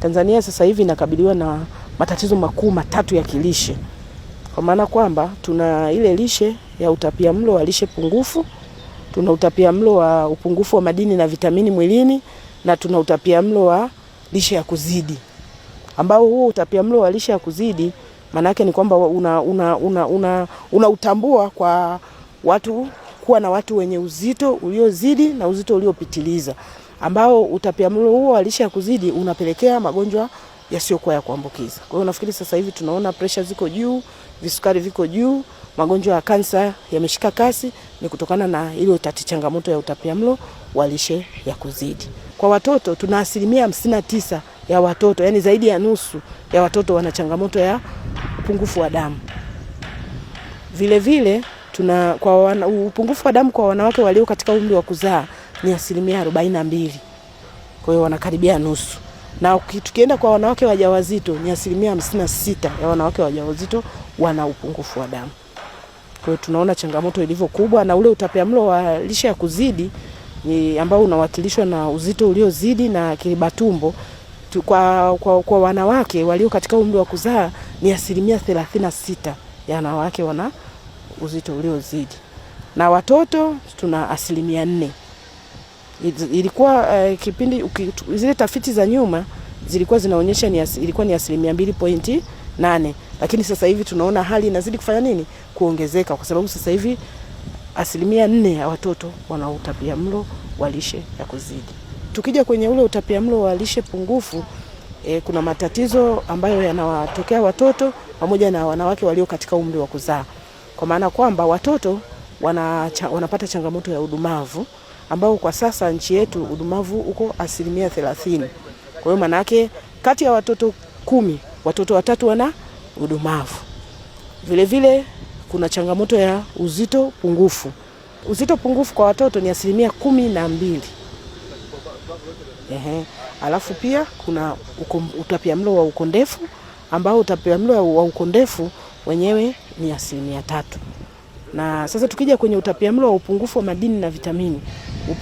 Tanzania sasa hivi inakabiliwa na matatizo makuu matatu ya kilishe, kwa maana kwamba tuna ile lishe ya utapia mlo wa lishe pungufu, tuna utapia mlo wa upungufu wa madini na vitamini mwilini, na tuna utapia mlo wa lishe ya kuzidi, ambao huo utapia mlo wa lishe ya kuzidi maanake ni kwamba una, una, una, una, una utambua kwa watu kuwa na watu wenye uzito uliozidi na uzito uliopitiliza ambao utapiamlo huo wa lishe kuzidi unapelekea magonjwa yasiyokuwa ya kuambukiza. Kwa hiyo nafikiri sasa hivi tunaona presha ziko juu, visukari viko juu, magonjwa ya kansa yameshika kasi, ni kutokana na ile tati changamoto ya utapiamlo wa lishe ya kuzidi. Kwa watoto tuna asilimia hamsini na tisa ya watoto, yani zaidi ya nusu ya watoto wana changamoto ya upungufu wa damu. Vilevile tuna kwa wana, upungufu wa damu kwa wanawake walio katika umri wa kuzaa ni asilimia arobaini na mbili. Kwa hiyo wanakaribia nusu, na tukienda kwa wanawake wajawazito ni asilimia hamsini na sita ya wanawake wajawazito wana upungufu wa damu. Kwa hiyo tunaona changamoto ilivyo kubwa, na ule utapiamlo wa lishe ya kuzidi ni ambao unawakilishwa na uzito uliozidi na kiriba tumbo kwa, kwa, kwa wanawake walio katika umri wa kuzaa ni asilimia thelathini na sita ya wanawake wana uzito uliozidi, na watoto tuna asilimia nne ilikuwa uh, kipindi zile tafiti za nyuma zilikuwa zinaonyesha ni as, ilikuwa ni asilimia mbili pointi nane, lakini sasa hivi tunaona hali inazidi kufanya nini kuongezeka, kwa sababu sasa hivi asilimia nne ya watoto wana utapia mlo wa lishe ya kuzidi. Tukija kwenye ule utapia mlo wa lishe pungufu e, kuna matatizo ambayo yanawatokea watoto pamoja na wanawake walio katika umri wa kuzaa, kwa maana kwamba watoto wana, cha, wanapata changamoto ya udumavu ambao kwa sasa nchi yetu udumavu uko asilimia thelathini. Kwa hiyo manake kati ya watoto kumi watoto watatu wana udumavu. Vilevile kuna changamoto ya uzito pungufu. Uzito pungufu kwa watoto ni asilimia kumi na mbili. Ehe. Alafu pia kuna utapiamlo wa ukondefu ambao utapiamlo wa ukondefu wenyewe ni asilimia tatu. Na sasa tukija kwenye utapiamlo wa upungufu wa madini na vitamini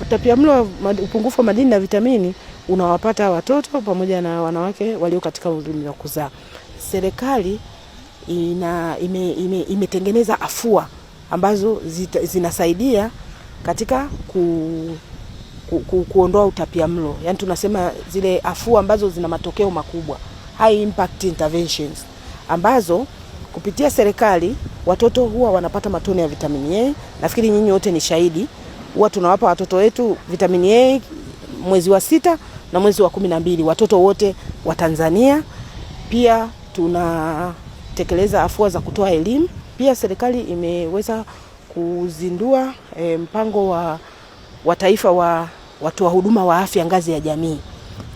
Utapiamlo, upungufu wa madini na vitamini unawapata watoto pamoja na wanawake walio katika umri wa kuzaa. Serikali ina ime, ime, imetengeneza afua ambazo zita, zinasaidia katika ku, ku, ku, kuondoa utapiamlo, yaani tunasema zile afua ambazo zina matokeo makubwa, high impact interventions ambazo kupitia serikali watoto huwa wanapata matone ya vitamini A. Nafikiri nyinyi wote ni shahidi huwa tunawapa watoto wetu vitamini A mwezi wa sita na mwezi wa kumi na mbili watoto wote wa Tanzania. Pia tunatekeleza afua za kutoa elimu. Pia serikali imeweza kuzindua e, mpango wa, wa taifa wa watoa huduma wa afya ngazi ya jamii,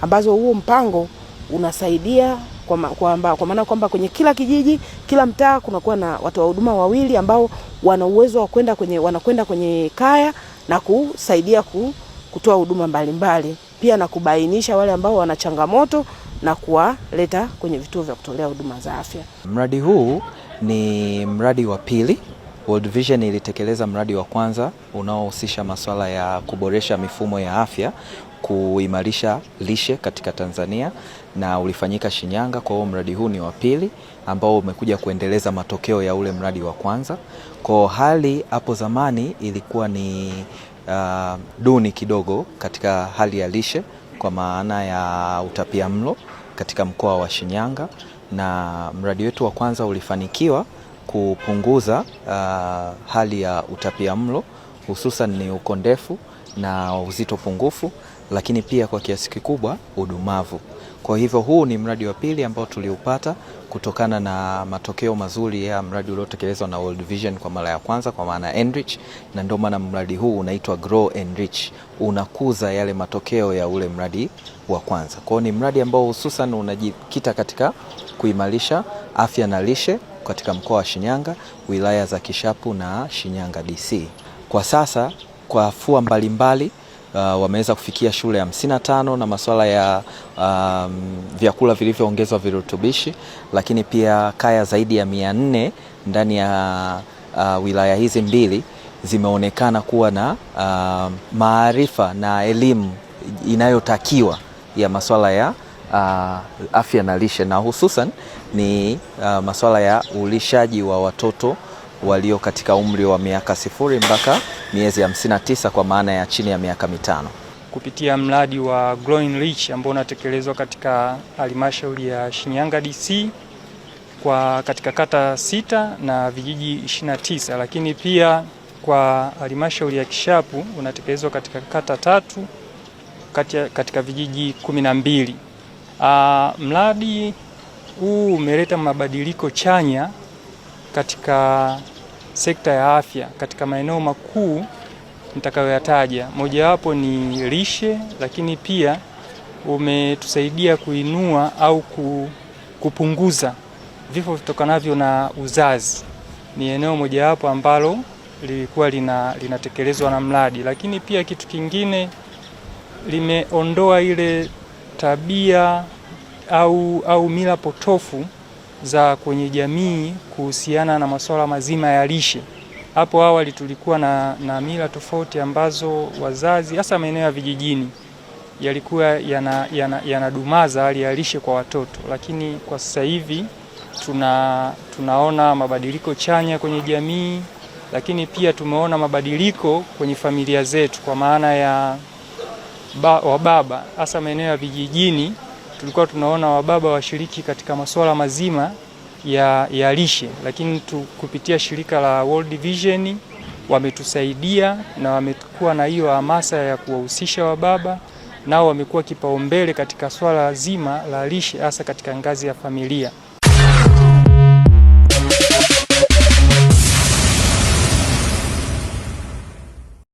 ambazo huo mpango unasaidia kwa maana kwamba kwa kwenye kila kijiji, kila mtaa kunakuwa na watoa huduma wawili ambao wana uwezo wa kwenda kwenye wanakwenda kwenye kaya na kusaidia kutoa huduma mbalimbali, pia na kubainisha wale ambao wana changamoto na kuwaleta kwenye vituo vya kutolea huduma za afya. Mradi huu ni mradi wa pili. World Vision ilitekeleza mradi wa kwanza unaohusisha masuala ya kuboresha mifumo ya afya, kuimarisha lishe katika Tanzania na ulifanyika Shinyanga. Kwa hiyo mradi huu ni wa pili ambao umekuja kuendeleza matokeo ya ule mradi wa kwanza. Kwa hali hapo zamani ilikuwa ni uh, duni kidogo katika hali ya lishe kwa maana ya utapia mlo katika mkoa wa Shinyanga, na mradi wetu wa kwanza ulifanikiwa kupunguza uh, hali ya utapia mlo hususan ni uko ndefu na uzito pungufu, lakini pia kwa kiasi kikubwa udumavu. Kwa hivyo huu ni mradi wa pili ambao tuliupata kutokana na matokeo mazuri ya mradi uliotekelezwa na World Vision kwa mara ya kwanza, kwa maana Enrich, na ndio maana mradi huu unaitwa Grow Enrich, unakuza yale matokeo ya ule mradi wa kwanza. Kwa ni mradi ambao hususan unajikita katika kuimarisha afya na lishe katika mkoa wa Shinyanga, wilaya za Kishapu na Shinyanga DC. Kwa sasa kwa afua mbalimbali uh, wameweza kufikia shule hamsini na tano na masuala ya um, vyakula vilivyoongezwa virutubishi, lakini pia kaya zaidi ya mia nne ndani ya uh, wilaya hizi mbili zimeonekana kuwa na uh, maarifa na elimu inayotakiwa ya masuala ya uh, afya na lishe na hususan ni uh, masuala ya ulishaji wa watoto walio katika umri wa miaka sifuri mpaka miezi 59 kwa maana ya chini ya miaka mitano kupitia mradi wa Growing Rich ambao unatekelezwa katika halmashauri ya Shinyanga DC kwa katika kata sita na vijiji 29, lakini pia kwa halmashauri ya Kishapu unatekelezwa katika kata tatu katika, katika vijiji 12. Uh, ah, mradi huu umeleta mabadiliko chanya katika sekta ya afya katika maeneo makuu nitakayoyataja, mojawapo ni lishe, lakini pia umetusaidia kuinua au kupunguza vifo vitokanavyo na uzazi. Ni eneo mojawapo ambalo lilikuwa lina, linatekelezwa na mradi, lakini pia kitu kingine limeondoa ile tabia au, au mila potofu za kwenye jamii kuhusiana na masuala mazima ya lishe. Hapo awali tulikuwa na, na mila tofauti ambazo wazazi hasa maeneo ya vijijini yalikuwa yanadumaza yana, yana hali ya lishe kwa watoto, lakini kwa sasa hivi tuna, tunaona mabadiliko chanya kwenye jamii, lakini pia tumeona mabadiliko kwenye familia zetu kwa maana ya ba, wababa hasa maeneo ya vijijini tulikuwa tunaona wababa washiriki katika masuala mazima ya, ya lishe, lakini tu, kupitia shirika la World Vision wametusaidia na wamekuwa na hiyo hamasa ya kuwahusisha wababa, nao wamekuwa kipaumbele katika swala zima la lishe hasa katika ngazi ya familia.